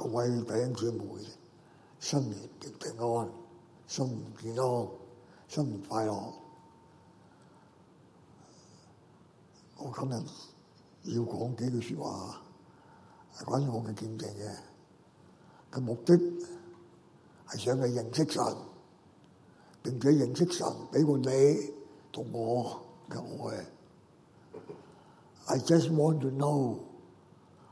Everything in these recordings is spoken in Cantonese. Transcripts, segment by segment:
各位弟兄姊妹，新年極平安，新年健康，新年快樂，我今日要講幾句説話，係講我嘅見證嘅，嘅目的係想去認識神，並且認識神俾個你同我嘅愛。I just want to know。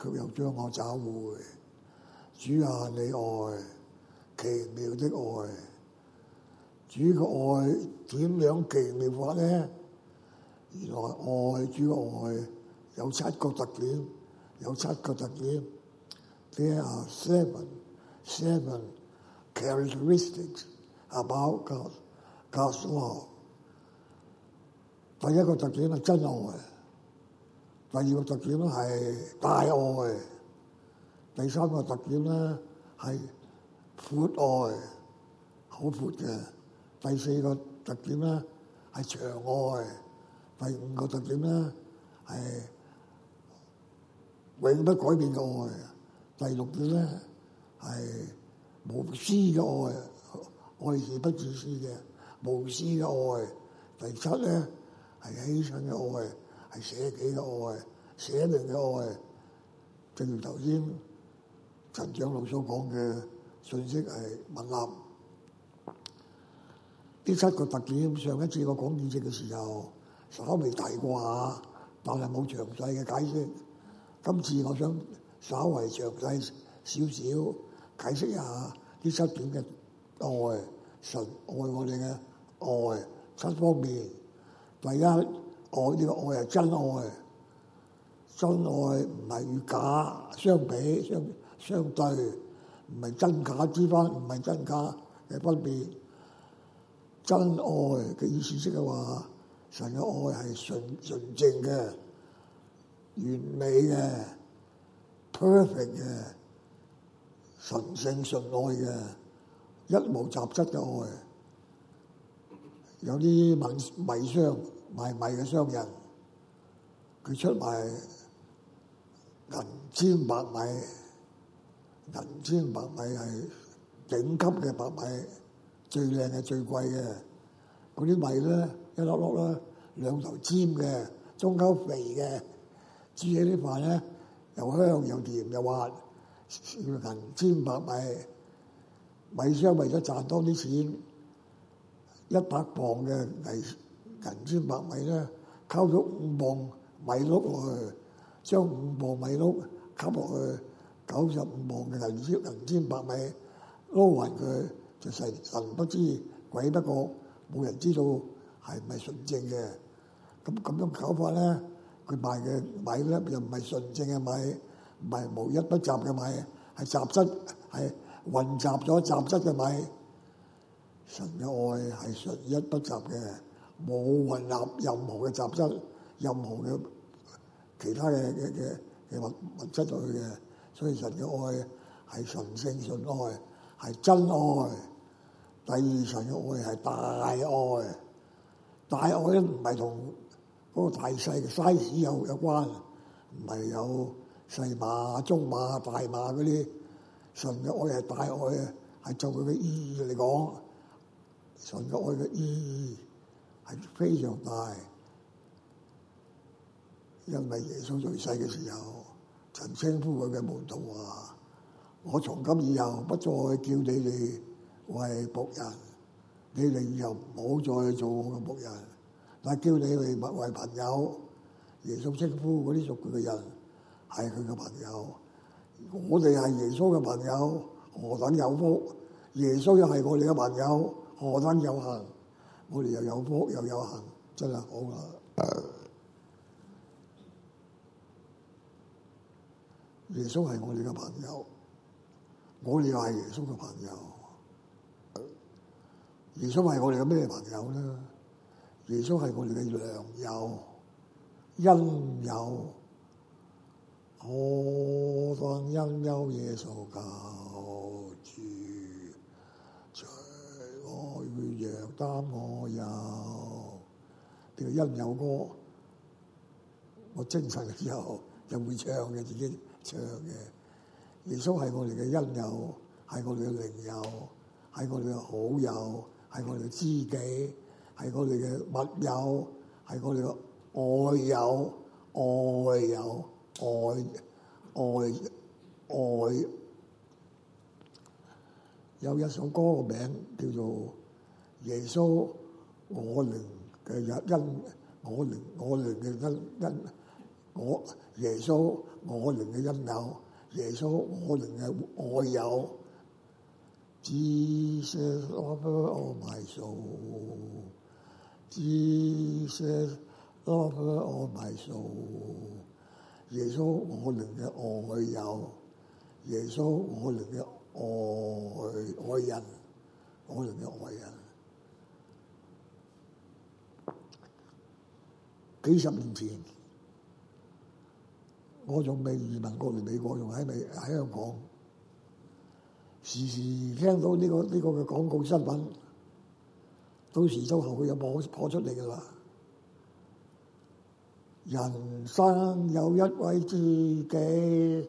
佢又將我找回。主啊，你愛奇妙的愛。主嘅愛點樣奇妙法咧？原來愛，主愛有七個特點，有七個特點 There are seven, seven characteristics about God, God 第一個特點係真愛。第二個特點咧係大愛，第三個特點咧係闊愛，好闊嘅。第四個特點咧係長愛，第五個特點咧係永不改變嘅愛。第六點咧係無私嘅愛，愛是不自私嘅無私嘅愛。第七咧係犧牲嘅愛。係捨己嘅愛，捨命嘅愛。正如頭先陳長老所講嘅信息係吻合。呢七個特點，上一次我講預設嘅時候，稍微提過下，但係冇詳細嘅解釋。今次我想稍為詳細少少解釋一下呢七點嘅愛，神愛我哋嘅愛七方面，大家。愛呢、這個愛係真愛，真愛唔係與假相比、相相對，唔係真假之分，唔係真假嘅分別。真愛嘅意思即係話，神嘅愛係純純正嘅、完美嘅、perfect 嘅、純聖純愛嘅、一無雜質嘅愛。有啲迷迷霜。賣米嘅商人，佢出賣銀尖白米，銀尖白米係頂級嘅白米，最靚嘅最貴嘅。嗰啲米咧，一粒粒咧，兩頭尖嘅，中溝肥嘅，煮起啲飯咧又香又甜又滑，銀尖白米。米商為咗賺多啲錢，一百磅嘅人千百米咧，溝咗五磅米粒落去，將五磅米粒吸落去九十五磅嘅銀針銀針白米，撈勻佢，就係神不知鬼不覺，冇人知道係唔係純正嘅。咁咁樣搞法咧，佢賣嘅米咧又唔係純正嘅米，唔係無一不雜嘅米，係雜質係混雜咗雜質嘅米。神嘅愛係純一不雜嘅。冇混入任何嘅雜質，任何嘅其他嘅嘅嘅物物質落去嘅，所以神嘅愛係純性、純愛，係真愛。第二，神嘅愛係大愛，大愛咧唔係同嗰個大細嘅 size 有有關，唔係有細馬、中馬、大馬嗰啲。神嘅愛係大愛啊，係就佢嘅意義嚟講，神嘅愛嘅意義，係非常大，因為耶穌在世嘅時候，曾稱呼佢嘅門徒話：我從今以後不再叫你哋為僕人，你哋以後唔好再做我嘅僕人，但叫你哋物為朋友。耶穌稱呼嗰啲屬佢嘅人係佢嘅朋友，我哋係耶穌嘅朋友，何等有福！耶穌又係我哋嘅朋友，何等有幸！我哋又有福又有幸，真係好啦！耶穌係我哋嘅朋友，我哋又係耶穌嘅朋友。耶穌係我哋嘅咩朋友咧？耶穌係我哋嘅良友、恩友。我當恩友耶穌救主。會讓擔我有叫做「恩友歌」，我精神嘅時候又會唱嘅自己唱嘅。耶穌係我哋嘅恩友，係我哋嘅靈友，係我哋嘅好友，係我哋嘅知己，係我哋嘅密友，係我哋嘅愛友，愛友，愛愛愛。有一首歌嘅名叫做。耶穌我靈嘅恩，我靈我靈嘅恩恩，我耶穌我靈嘅恩友，耶穌我靈嘅愛友。Jesus, lover of my soul。Jesus, lover of my soul。耶穌我靈嘅愛友，耶穌我靈嘅愛愛人，我靈嘅愛人。幾十年前，我仲未移民過嚟美國，仲喺美喺香港，時時聽到呢個呢個嘅廣告新聞，到時到後佢有播播出嚟噶啦。人生有一位知己，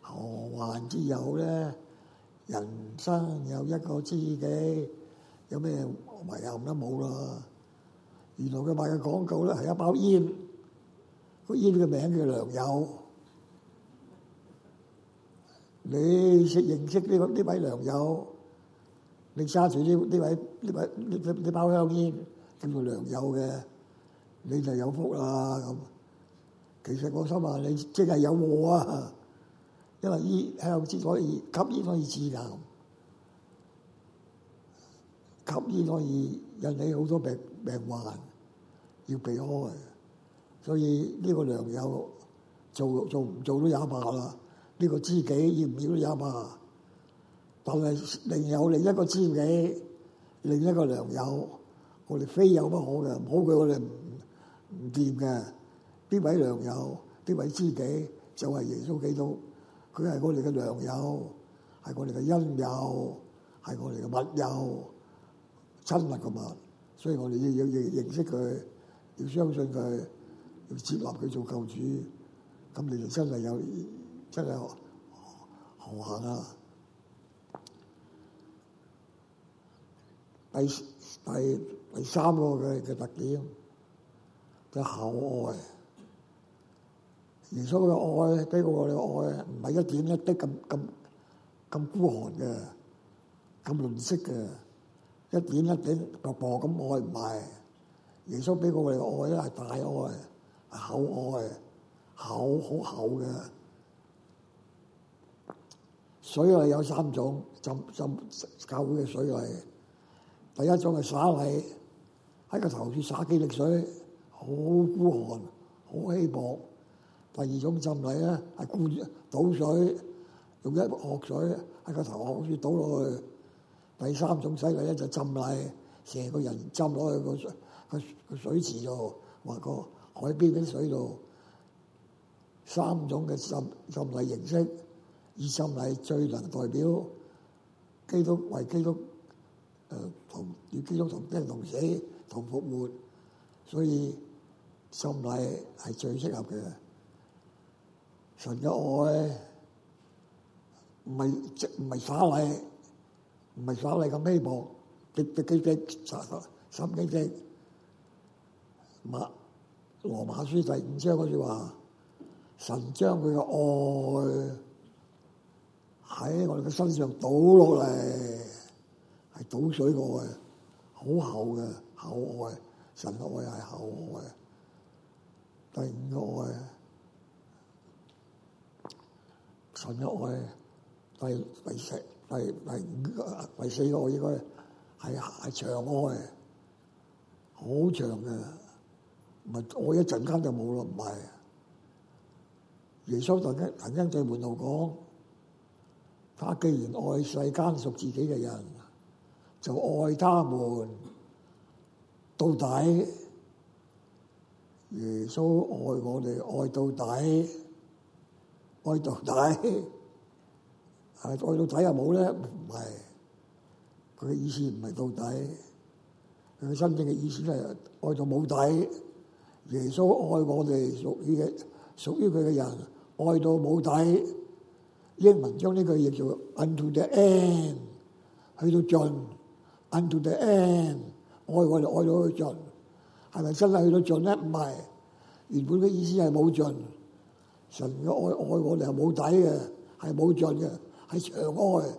何患之有咧？人生有一個知己，有咩遺憾都冇啦。原來佢賣嘅廣告咧係一包煙，個煙嘅名叫良友。你識認識呢位呢位良友，你揸住呢呢位呢位呢呢包香煙叫做良友嘅，你就有福啦咁。其實我想話你即係有禍啊，因為煙香煙可以吸煙可以致癌。吸煙可以引起好多病病患，要避開。所以呢、這個良友做做唔做都也罷啦，呢、這個知己要唔要都也罷。但係另有另一個知己，另一個良友，我哋非有不可嘅，冇佢我哋唔唔掂嘅。呢位良友，呢位知己，就係、是、耶穌基督，佢係我哋嘅良友，係我哋嘅恩友，係我哋嘅密友。親密嘅嘛，所以我哋要要認識佢，要相信佢，要接納佢做救主，咁你就真係有真係好橫啊！第第第三個嘅嘅特點，就係厚愛，耶穌嘅愛呢，俾我哋嘅愛唔係一點一滴咁咁咁孤寒嘅，咁吝嗇嘅。一點一點薄薄咁愛唔係，耶穌俾我哋嘅愛咧係大愛、厚愛、厚好厚嘅。水禮有三種浸浸教會嘅水禮，第一種係灑禮，喺個頭柱灑幾滴水，好孤寒、好稀薄；第二種浸禮咧係倒水，用一鑊水喺個頭殼好似倒落去。第三種洗禮咧就浸禮，成個人浸落去個個個水池度，或個海邊啲水度。三種嘅浸浸禮形式，以浸禮最能代表基督為基督，同與基督同生同死同復活，所以浸禮係最適合嘅。純愛唔係唔係灑禮。唔係所謂嘅微博，滴滴滴啲十經啲馬羅馬書第五章嗰句話，神將佢嘅愛喺我哋嘅身上倒落嚟，係倒水嘅愛，好厚嘅厚愛，神嘅愛係厚愛。第五個愛，神嘅愛，第第四。係係，為四個我應該係係長開，好長嘅，唔係我一陣間就冇咯，唔係。耶穌在曾經對門徒講，他既然愛世間屬自己嘅人，就愛他們,到底,愛他們到底。耶穌愛我哋愛到底，愛到底。愛到底又冇咧，唔係佢嘅意思唔係到底，佢真正嘅意思係愛到冇底。耶穌愛我哋屬於嘅屬於佢嘅人，愛到冇底。英文將呢句嘢叫 unto the end，去到盡 unto the end，愛我哋愛到去盡。係咪真係去到盡咧？唔係，原本嘅意思係冇盡。神嘅愛愛我哋係冇底嘅，係冇盡嘅。喺長安，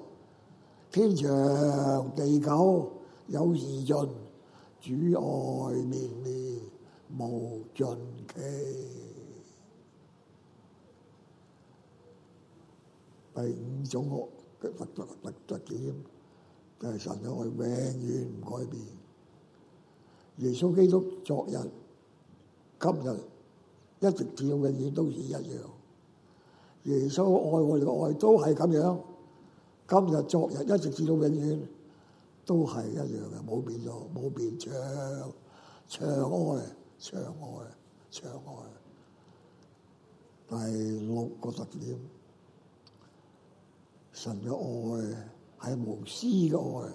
天長地久，有時盡，主愛綿綿無盡期。第五種我嘅特特特點就係神愛永遠唔改變。耶穌基督昨日、今日一直講嘅嘢都是一樣。耶穌愛我哋嘅愛都係咁樣，今日、昨日一直至到永遠都係一樣嘅，冇變咗，冇變長，長愛、長愛、長愛。第六個特點，神嘅愛係無私嘅愛，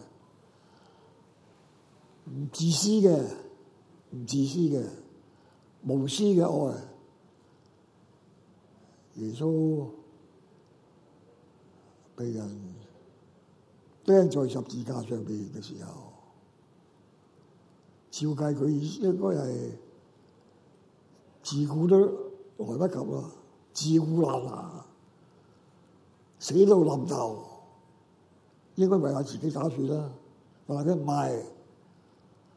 唔自私嘅，唔自私嘅，無私嘅愛。耶穌被人釘在十字架上面嘅時候，照計佢應該係自古都來不及啦，自顧難啊，死到臨頭，應該為下自己打算啦，話佢唔係，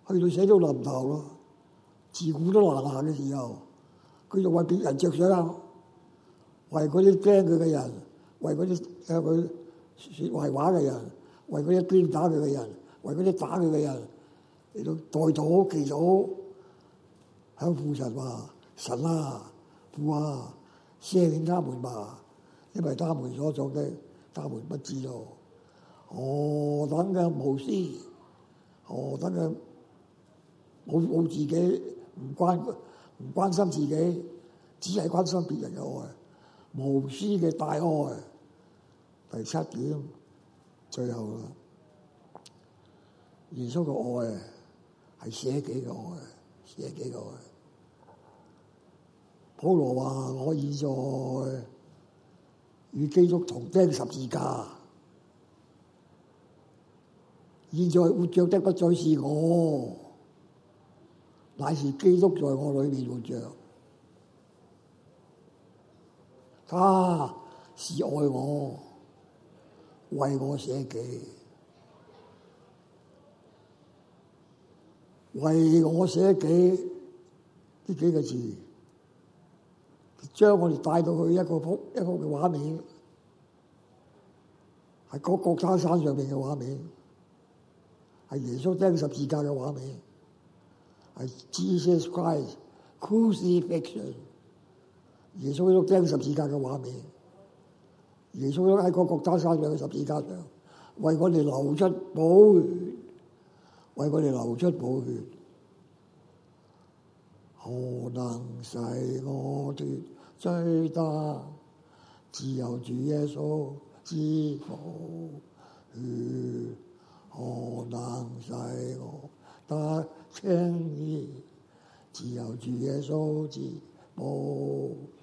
佢死到臨頭咯，自古都難行嘅時候，佢就為別人着想。為嗰啲驚佢嘅人，為嗰啲誒佢說壞話嘅人，為嗰啲鞭打佢嘅人，為嗰啲打佢嘅人，嚟到代佢祈禱，向父神話，神啊，父啊赦免他們吧，因為他們所作嘅他們不知咯，何等嘅無私，何等嘅冇冇自己唔關唔關心自己，只係關心別人嘅愛。無私嘅大愛，第七點，最後啦。耶穌嘅愛係寫幾個愛，寫幾個愛。保羅話：我已經與基督同釘十字架，現在活着的不再是我，乃是基督在我裏面活着。他是愛我，為我捨己，為我捨己呢幾個字，將我哋帶到去一個幅一個嘅畫面，係個國山山上面嘅畫面，係耶穌釘十字架嘅畫面，係 Jesus Christ crucifixion 耶穌都釘十字架嘅畫面，耶穌都喺各各他山上十字架上，為我哋流出寶血，為我哋流出寶血，何能使我脱罪擔？自由主耶穌之寶血，何能使我得清潔？自由主耶穌之寶血。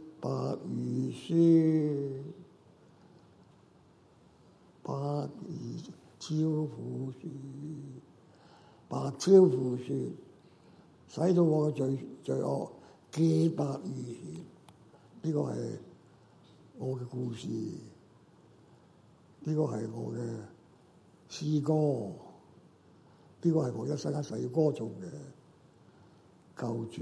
白如雪，白如超乎雪。白超乎雪，使到我嘅罪罪惡潔白如雪。呢、這個係我嘅故事，呢、這個係我嘅詩歌，呢、這個係我一生一世要歌頌嘅救主。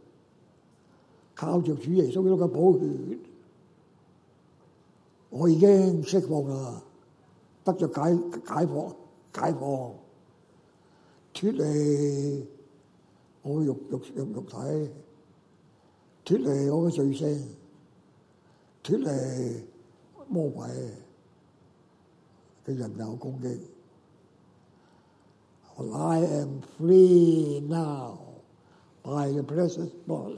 靠着主耶穌基督嘅寶血，我已經釋放啦，得咗解解放、解放，脫離我嘅肉肉肉肉體，脫離我嘅罪性，脫離魔鬼嘅人肉攻擊。I am free now by the precious blood.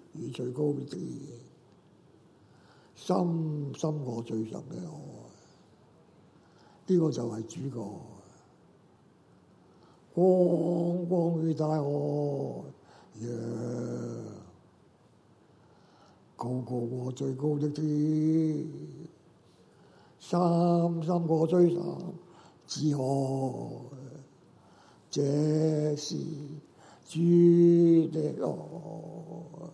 與最高嘅天，深深我最深嘅海，呢、這個就係主啊！光光與大愛，高、yeah, 高我最高嘅天，深深我最深，只我，這是主的愛。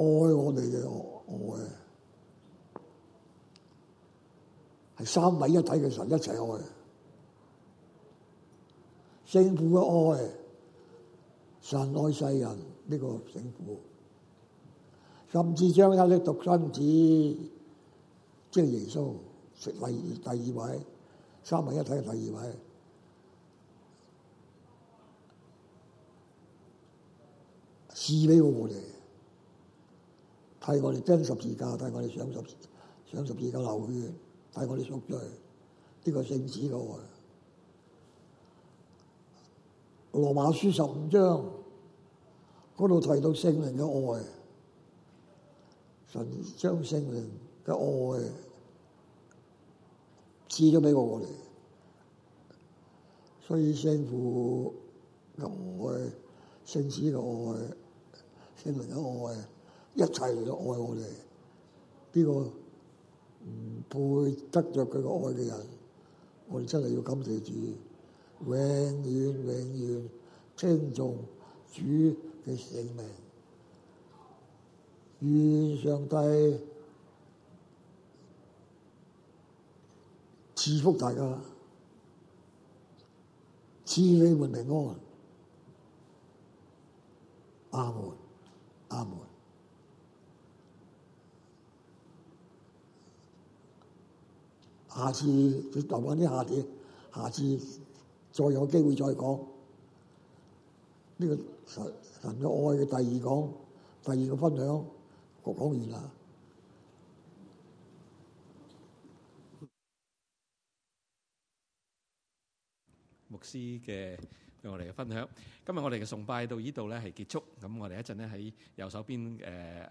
愛我哋嘅愛係三位一體嘅神一齊愛，聖父嘅愛，神愛世人呢、這個聖父，甚至將一呢獨生子，即係耶穌，屬第第二位，三位一體嘅第二位，賜俾我哋。替我哋釘十字架，替我哋上十字上十字架流血，替我哋贖罪，呢、這個聖子嘅愛。羅馬書十五章嗰度提到聖靈嘅愛，神將聖靈嘅愛賜咗俾我哋，所以聖父嘅愛，聖子嘅愛、聖靈嘅愛。一切嚟愛我哋，呢、這個唔配得着佢個愛嘅人，我哋真係要感謝主，永遠永遠尊重主嘅性命。願上帝祝福大家，賜你們平安，阿門，阿門。下次再等翻啲下次，下次再有機會再講呢個神嘅愛嘅第二講，第二個分享，我講完啦。牧師嘅對我哋嘅分享，今日我哋嘅崇拜到呢度咧係結束，咁我哋一陣咧喺右手邊誒。